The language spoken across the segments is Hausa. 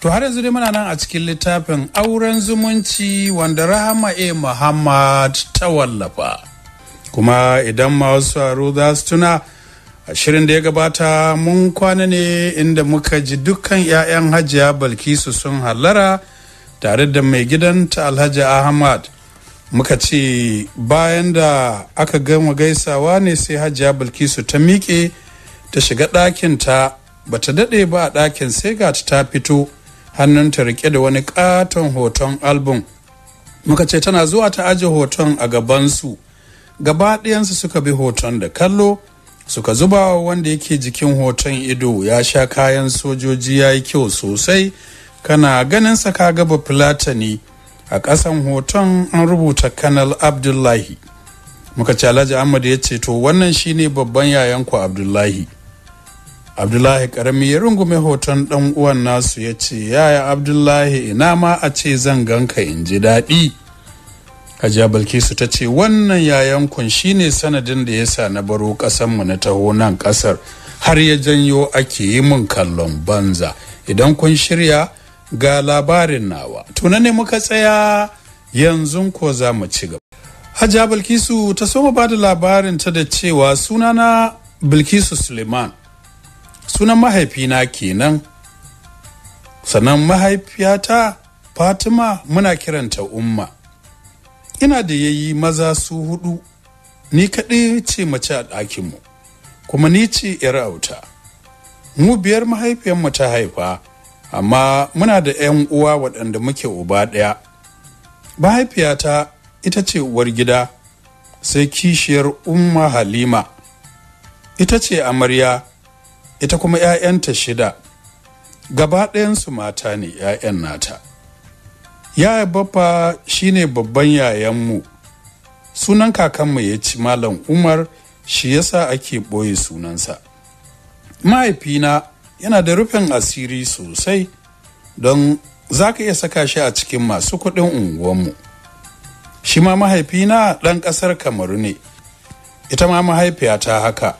to har yanzu dai muna nan a cikin littafin auren zumunci wanda rahama A. muhammad ta wallafa kuma idan masu aro za su tuna ashirin da ya gabata mun kwana ne inda muka ji dukkan 'ya'yan hajiya balkisu sun hallara tare da mai gidanta alhaji ahmad muka ce bayan da aka gama gaisawa ne sai hajiya balkisu ta miƙe ta shiga ɗakinta ba ta daɗe ba a ɗakin sai ga ta fito hannunta rike da wani katon hoton album muka ce tana zuwa ta aje hoton a gabansu gaba ɗayansu suka bi hoton da kallo suka zuba wanda yake jikin hoton ido ya sha kayan sojoji ya yi kyau sosai kana ganin sa ka gaba filatani a ƙasan hoton an rubuta kanal abdullahi muka ce alhaji ahmad ya ce to wannan shine babban yayanku abdullahi abdullahi karami ya rungume hoton dan uwan nasu ya ce yaya abdullahi ina ma a ce zan ganka in ji daɗi hajiya bilkisu ta ce wannan yayan kun shine sanadin da ya sa na baro ƙasanmu na taho nan ƙasar har ya janyo ake yi mun kallon banza idan kun shirya ga labarin nawa tuna ne muka tsaya yanzu ko za mu ci gaba hajiya bilkisu ta so mu ba da labarin ta da cewa sunana bilkisu suleiman sunan mahaifina kenan sannan mahaifiyata fatima muna kiranta umma ina da yayi maza su hudu ni kaɗai ce mace a ɗakinmu kuma ni ce 'yar auta mu biyar mahaifiyarmu ta haifa amma muna da 'yan uwa waɗanda muke uba ɗaya mahaifiyata ita ce uwar gida sai kishiyar umma halima ita ce amarya ita kuma 'ya'yanta shida gaba ɗayansu mata ne 'ya'yan nata yaya baffa shine babban yayanmu sunan kakanmu ya ci malam umar shi yasa ake ɓoye sunansa mahaifina yana da rufin asiri sosai don za ka iya saka shi a cikin masu kuɗin unguwanmu shi ma mahaifina ɗan ƙasar kamaru ne ita ma mahaifiyata haka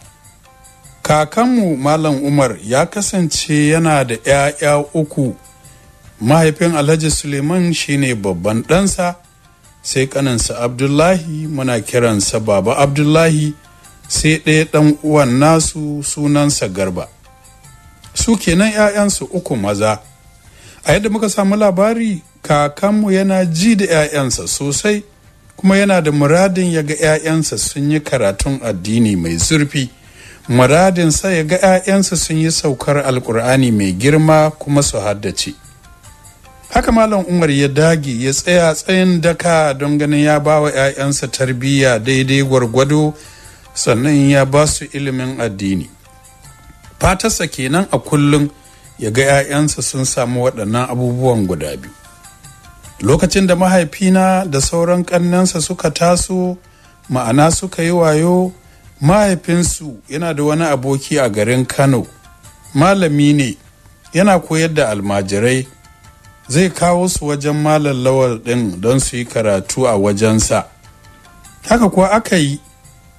kakanmu malam umar ya kasance yana da 'ya'ya uku mahaifin alhaji suleiman shine babban ɗansa sai kaninsa abdullahi muna kiransa baba abdullahi sai ɗaya ɗan uwan nasu sunansa garba su kenan 'ya'yansu uku maza a yadda muka samu labari kakanmu yana ji da 'ya'yansa sosai kuma yana da muradin ya ga 'ya'yansa sun yi karatun addini mai zurfi sa ya ga 'ya'yansa sun yi saukar alkur'ani mai girma kuma su haddace haka malam umar ya dage ya tsaya tsayin daka don ganin ya ba wa 'ya'yansa tarbiyya daidai gwargwado sannan ya ba su ilimin addini fatarsa kenan a kullum ya ga 'ya'yansa sun samu waɗannan abubuwan guda biyu lokacin da mahaifina da sauran ƙannensa suka taso ma'ana suka yi wayo mahaifinsu yana da wani aboki a garin kano malami ne yana koyar da almajirai zai kawo su wajen malam lawal ɗin don su yi karatu a wajensa haka kuwa aka yi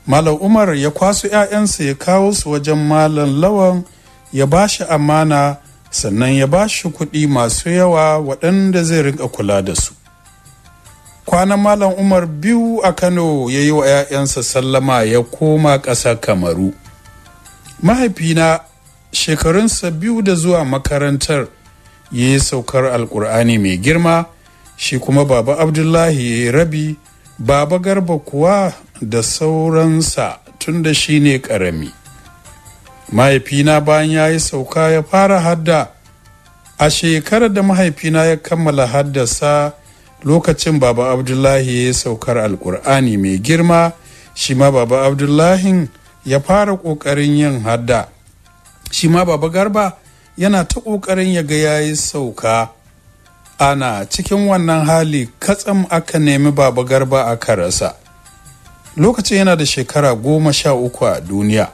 malam umar ya kwaso 'ya'yansa ya kawo su wajen malam lawan ya ba shi amana sannan ya ba shi kuɗi masu yawa waɗanda zai rinka kula da su kwanan malam umar biyu a kano ya yi wa 'ya'yansa sallama ya koma ƙasa kamaru mahaifina shekarunsa biyu da zuwa makarantar ya yi saukar alkur'ani mai girma shi kuma baba abdullahi ya rabi baba garba kuwa da sauransa tun da shi ne ƙarami mahaifina bayan ya yi sauka ya fara hadda a shekarar da mahaifina ya kammala haddasa lokacin baba abdullahi ya saukar alkur'ani mai girma shi ma baba abdullahin ya fara ƙoƙarin yin hadda shi ma baba garba yana ta ƙoƙarin ya ga ya yi sauka ana cikin wannan hali katsam aka nemi baba garba aka rasa lokacin yana da shekara goma sha uku a duniya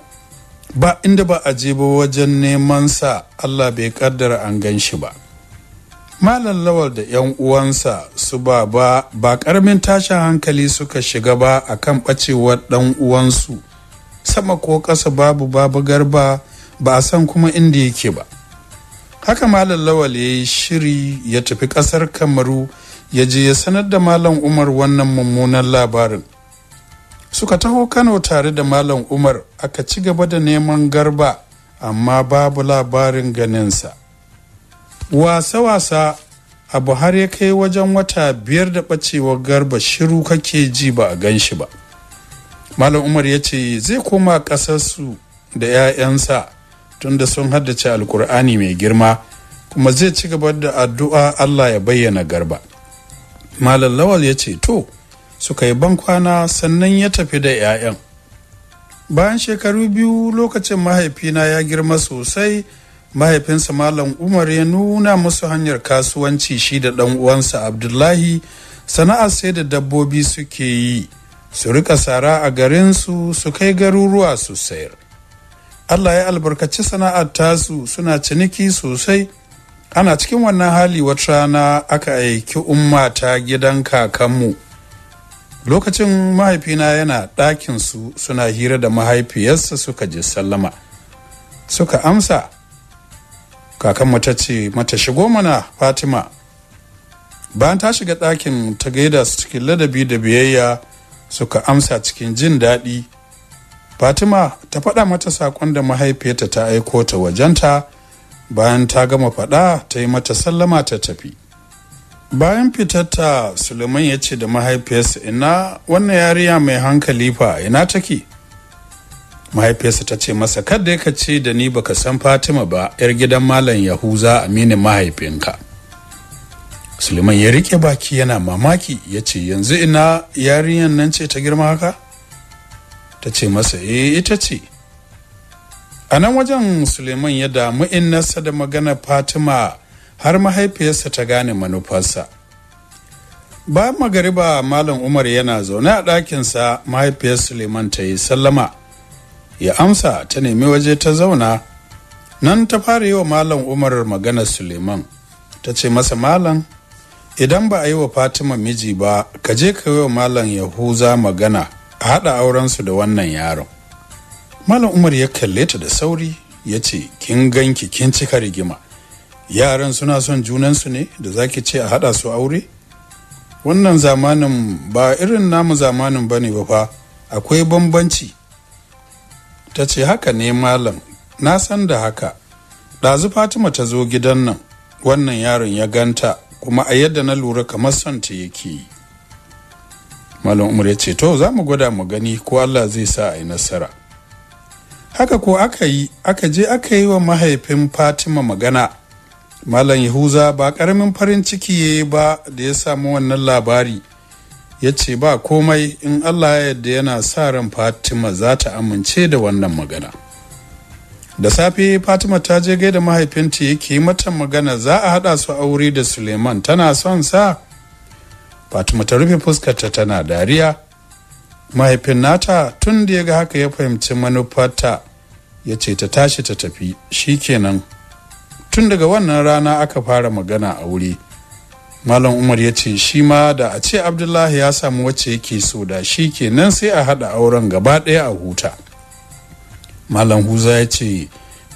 ba inda ba a je ba wajen neman sa allah bai kaddara an gan shi ba malam lawal da 'yan uwansa su ba ba ba karamin tashin hankali suka shiga ba a kan bacewar dan uwansu sama ko ƙasa babu babu garba ba a san kuma inda yake ba haka malam lawal ya yi shiri ya tafi ƙasar kamaru ya je ya sanar da malam umar wannan mummunan labarin suka taho kano tare da malam umar aka ci gaba da neman garba amma babu labarin ganinsa wasa-wasa abu har ya kai wajen wata biyar da ɓacewar garba shiru kake ji ba a gan shi ba malam umar ya ce zai koma ƙasarsu da 'ya'yansa tunda sun haddace alkur'ani mai girma kuma zai ci gaba da addu'a allah ya bayyana garba malam lawal ya ce to suka yi bankwana sannan ya tafi da 'ya'yan bayan shekaru biyu lokacin mahaifina ya girma sosai mahaifinsa malam umar ya nuna musu hanyar kasuwanci shi da ɗan uwansa abdullahi sana'a sai da dabbobi suke yi su rika sara a garinsu su kai garuruwa su sayar allah ya albarkaci sana'ar tasu suna ciniki sosai ana cikin wannan hali wata rana aka aiki umma ta gidan kakanmu lokacin mahaifina yana ɗakin su suna hira da mahaifiyarsa suka je sallama suka amsa kakan mata ce mata shigo mana fatima bayan ta shiga ɗakin ta gaida su cikin ladabi da biyayya suka amsa cikin jin daɗi fatima ta faɗa mata saƙon da mahaifiyarta ta aiko ta wajenta bayan ta gama faɗa ta yi mata sallama ta tafi bayan fitarta suleiman ya ce da mahaifiyarsa ina wannan yariya mai hankali fa ina take mahaifiyarsa ta ce masa kada ya ce da ni baka san fatima ba yar gidan malam yahuza aminin mahaifinka suleiman ya rike baki yana mamaki ya ce yanzu ina yarinyar nan ce ta girma haka ta ce masa eh ita ce a nan wajen suleiman ya damu innarsa da magana fatima har mahaifiyarsa ta gane manufarsa bayan magariba malam umar yana zaune a ɗakinsa mahaifiyar suleiman ta yi sallama ya amsa ta nemi waje ta zauna nan ta fara yi wa malam umar maganar suleiman ta ce masa malam idan ba a yi wa fatima miji ba ka je ka yi wa malam yahuza magana a haɗa aurensu da wannan yaron malam umar ya kalle ta da sauri ya ce kin ganki kin cika rigima yaran suna son junansu ne da zaki ce a haɗa su aure wannan zamanin ba irin namu zamanin ba ne ba fa akwai bambanci ta ce haka ne malam na san da haka ɗazu fatima ta zo gidan nan wannan yaron ya ganta kuma a yadda na lura kamar son ta yake yi malam umar ya ce to za mu gwada mu gani ko allah zai sa a yi nasara haka ko aka yi aka je aka yi wa mahaifin fatima magana malam yahuza ba ƙaramin farin ciki ya yi ba da ya samu wannan labari ya ce ba komai in allah ya yadda yana sa ran fatima za ta amince da wannan magana da safe fatima ta je gaida mahaifinta yake mata magana za a hada su aure da suleiman tana son sa fatima ta rufe fuskarta tana dariya mahaifin nata tun da ya ga haka ya fahimci manufarta ya ce ta tashi ta tafi shi kenan tun daga wannan rana aka fara magana a wuri malam umar ya ce shi ma da a ce abdullahi ya samu wacce yake so da shi kenan sai a haɗa auren gaba ɗaya a huta malam huza ya ce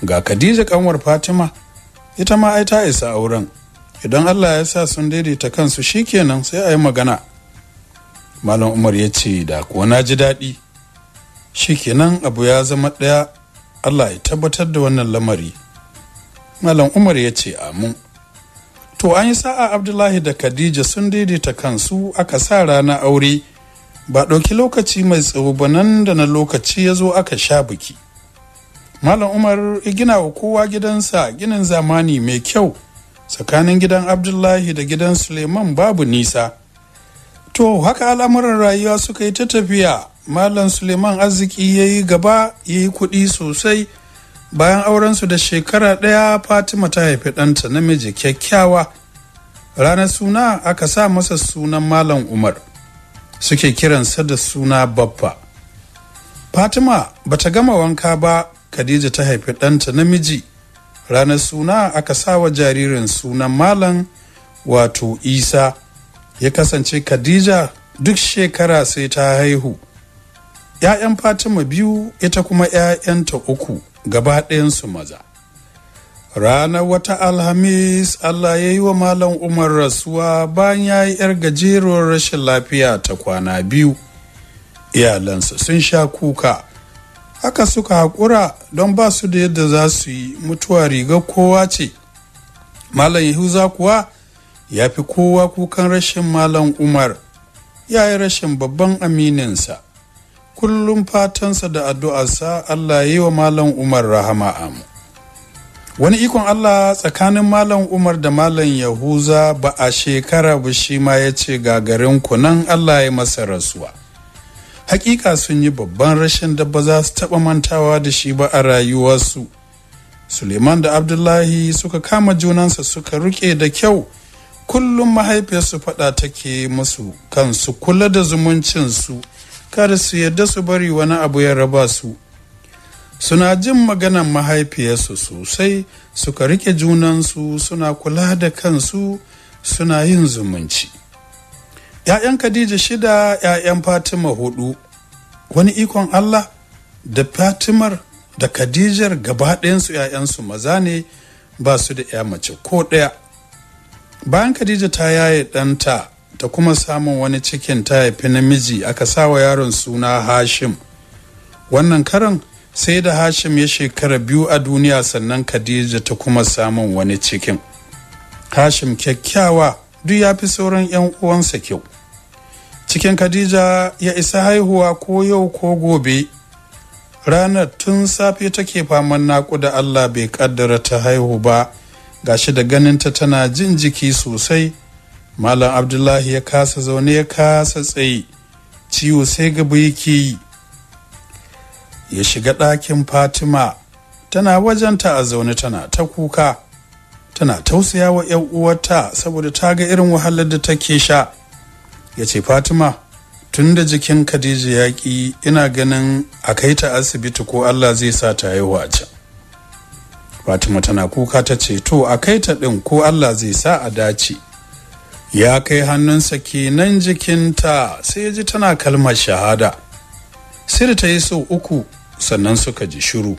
ga khadija kanwar fatima ita ma ai ta isa auren idan allah ya sa sun daidaita kansu shi kenan sai a yi magana malam umar ya ce da kuwa na ji daɗi shi kenan abu ya zama ɗaya allah ya tabbatar da wannan lamari malam umar ya ce amin to an yi sa'a abdullahi da khadija sun daidaita kansu aka sa rana aure ba ɗauki lokaci mai tsawo ba nan da na lokaci ya zo aka sha biki malam umar gina wa kowa gidansa ginin zamani mai kyau tsakanin gidan abdullahi da gidan suleiman babu nisa to haka al'amuran rayuwa suka yi ta tafiya malam suleiman arziki ya yi gaba ya yi kuɗi sosai bayan aurensu da shekara ɗaya fatima ta haifi ɗanta namiji kyakkyawa ranar suna aka sa masa sunan malam umar suke kiransa da suna babba fatima bata gama wanka ba khadija ta haifi ɗanta namiji ranar suna aka sa wa jaririn sunan malam wato isa ya kasance khadija duk shekara sai ta haihu 'ya'yan fatima biyu ita kuma 'ya'yanta uku gaba su maza ranar wata alhamis allah ya yi wa malam umar rasuwa bayan ya yi yar gajeruwar rashin lafiya ta kwana biyu iyalansa sun sha kuka haka suka haƙura don ba su da yadda za su yi mutuwa riga kowa ce malam yahuza kuwa ya fi kowa kukan rashin malam umar ya yi rashin babban amininsa kullum fatansa da addu'arsa Allah yi wa Malam Umar rahama amu. Wani ikon Allah tsakanin Malam Umar da Malam Yahuza ba a shekara ba shi ma ya ce gagarin kunan Allah ya masa rasuwa. Hakika sun yi babban rashin da ba za su taɓa mantawa da shi ba a rayuwarsu. Suleiman da Abdullahi suka kama junansa suka ruke da kyau. kullum mahaifiyarsu faɗa take musu kansu kula da zumuncinsu kada su yarda su bari wani abu ya raba su suna jin maganan mahaifiyarsu sosai suka rike junansu suna kula da kansu suna yin zumunci ‘ya'yan khadija shida ‘ya'yan fatima hudu wani ikon allah da fatimar da khadijar gabaɗayansu ‘ya'yansu maza ne ba su da ‘ya mace ko ɗaya bayan khadija ta yaye ɗanta ta kuma samun wani cikin ta haifi namiji aka sawa yaron suna hashim wannan karan sai da hashim ya shekara biyu a duniya sannan khadija ta kuma samun wani cikin hashim kyakkyawa duk ya fi sauran 'yan uwansa kyau cikin khadija ya isa haihuwa ko yau ko gobe ranar tun safe take faman da allah bai kaddara ta haihu ba gashi da ganinta tana jin jiki sosai malam abdullahi ya kasa zaune ya kasa tsaye ciwo sai gaba yake yi ya shiga ɗakin fatima tana wajenta a zaune tana ta kuka tana tausaya wa ‘yan uwarta saboda ta ga irin wahalar da take sha ya ce fatima tun da jikin khadija ya ki ina ganin a kai ta asibiti ko allah zai sa ta yi wace fatima tana kuka ta ce to a kai ta ɗin ko allah zai sa a dace ya kai hannunsa kenan jikinta sai ya ji tana kalmar shahada sir ta yi sau uku sannan suka ji shiru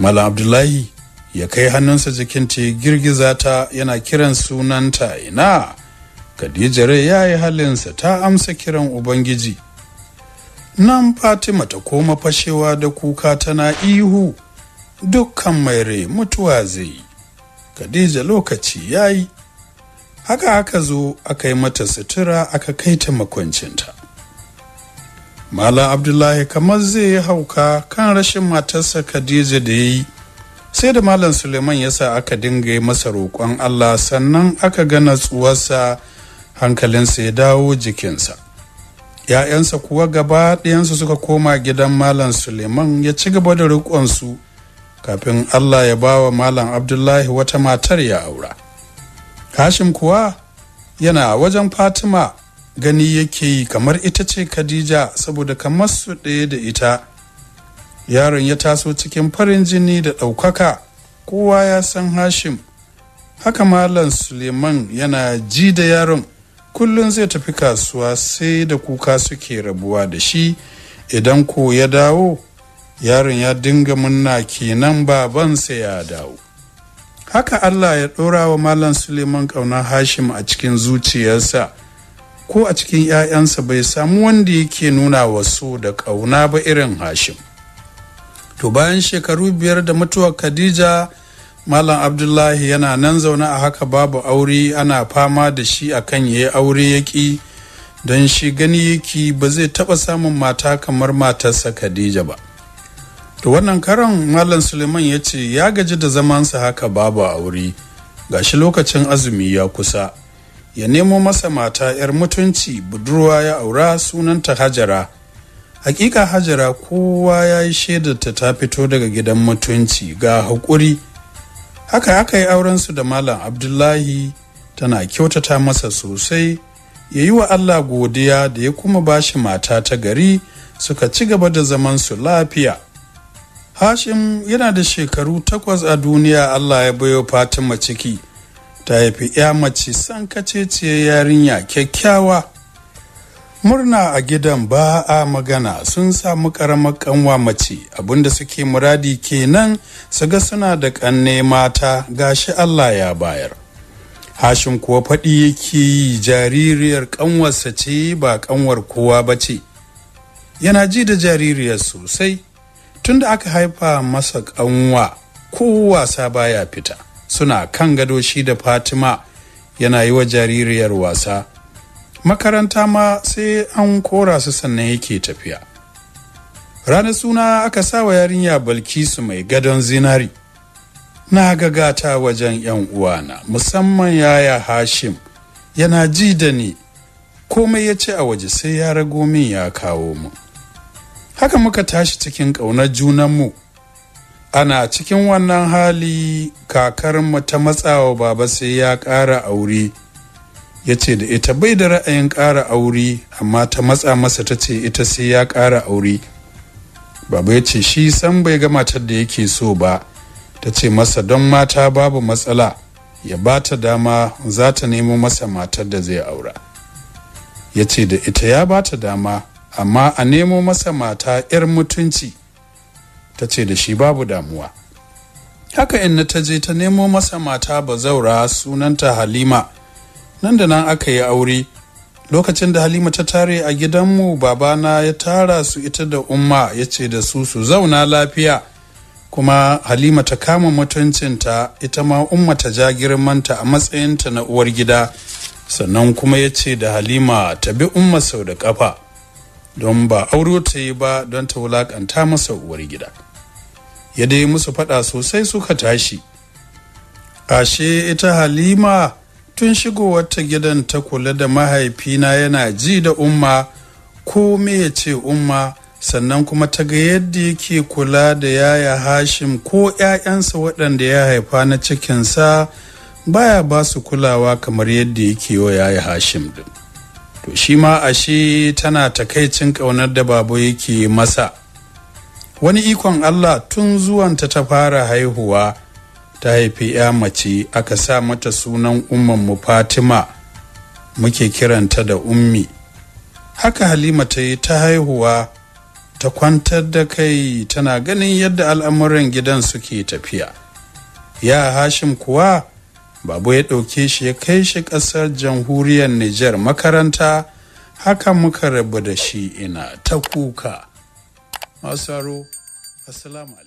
mala abdullahi ya kai hannunsa jikinta ya girgiza ta yana kiran sunanta ina khadija rai ya yi halinsa ta amsa kiran ubangiji nan fatima ta koma fashewa da kuka tana ihu dukkan mai rai mutuwa zai khadija lokaci ya yi haka aka zo aka yi mata sutura aka kai ta makwancinta malam abdullahi kamar zai yi hauka kan rashin matarsa khadija da ya yi sai da malam suleiman ya sa aka dinga yi masa roƙon allah sannan aka ga natsuwarsa hankalinsa ya dawo jikinsa ‘ya'yansa kuwa gaba ɗayansu suka koma gidan malam suleiman ya ci gaba da roƙonsu kafin allah ya ba wa malam abdullahi wata matar ya aura Hashim kuwa yana wajen Fatima gani yake yi kamar ita ce Khadija saboda kamar su ɗaya da ita. Yaron ya taso cikin farin jini da ɗaukaka, kowa ya san Hashim. Haka Malam Suleiman yana ji da yaron kullum zai tafi kasuwa sai da kuka suke rabuwa da shi idan ko ya dawo yaron ya dinga munna kenan sai ya dawo. haka Allah ya ɗora wa Malam Suleiman ƙauna Hashim a cikin zuciyarsa ko a cikin ‘ya'yansa bai samu wanda yake nuna wasu da ƙauna ba irin Hashim. To bayan shekaru biyar da mutuwar Khadija Malam Abdullahi yana nan zaune a haka babu aure ana fama da shi akan ya yi aure yaƙi don shi gani yake ba zai taɓa samun mata kamar matarsa Khadija ba. to wannan karan malam suleiman ya ce ya gaji da zamansa haka babu a wuri gashi lokacin azumi ya kusa ya nemo masa mata 'yar mutunci budurwa ya aura sunanta hajara hakika hajara kowa ya yi shaidarta ta fito daga gidan mutunci ga haƙuri haka aka yi aurensu da malam abdullahi tana kyautata masa sosai ya yi wa allah godiya da ya kuma bashi mata ta gari suka ci gaba da zamansu lafiya hashim yana da shekaru takwas a duniya allah ya bayo fatima ciki ta haifi ya mace san kaceciye yarinya kyakkyawa murna a gidan ba a magana sun samu karamar kanwa mace abinda suke muradi kenan su ga suna da kanne mata gashi allah ya bayar hashim kuwa faɗi yake yi jaririyar kanwarsa ce ba kanwar kowa bace. yana ji da jaririyar sosai tun da aka haifa masa kanwa ko wasa baya fita suna kan gado shi da fatima yana yi wa jaririyar wasa makaranta ma sai an kora su sannan yake tafiya ranar suna aka sa wa yarinya balkisu mai gadon zinari na gagata wajen yan uwana musamman yaya hashim yana ji da ni komai ya ce a waje sai ya rago min ya kawo mu haka muka tashi cikin ƙaunar mu. ana cikin wannan hali kakarmu ta matsawa baba sai ya ƙara aure ya ce da ita bai da ra'ayin ƙara aure amma ta matsa masa ta ce ita sai ya ƙara aure baba ya ce shi san bai ga matar da yake so ba ta ce masa don mata babu matsala ya bata dama za ta nemo masa matar da zai aura ya ce da ita ya bata dama amma a nemo masa mata 'yar mutunci ta ce da shi babu damuwa haka inna ta je ta nemo masa mata bazaura sunanta halima nan da nan aka yi aure lokacin da halima ta tare a gidanmu babana ya tara su ita da umma ya ce da su su zauna lafiya kuma halima ta kama mutuncinta ita ma umma ta ja girmanta a matsayinta na uwar gida sannan kuma ya ce da halima ta bi umma sau da kafa don ba auro ta yi ba don ta wulakanta masa uwar gida ya dai musu faɗa sosai suka tashi ashe ita halima tun shigowarta gidan ta kula da mahaifina yana ji da umma ko me ya ce umma sannan kuma ta ga yadda yake kula da yaya hashim ko 'ya'yansa waɗanda ya haifa na cikinsa baya ba su kulawa kamar yadda yake wa yaya hashim din to shi ma a shi tana takaicin ƙaunar da babu yake masa wani ikon allah tun zuwanta ta fara haihuwa ta haifi ya mace aka sa mata sunan mu fatima muke kiranta da ummi haka halima ta yi ta haihuwa ta kwantar da kai tana ganin yadda al'amuran gidan suke tafiya ya hashim kuwa Babu ya ɗauke shi ya kai shi ƙasar jamhuriyar Nijar makaranta haka muka rabu da shi ina ta kuka. Masaro, Assalamu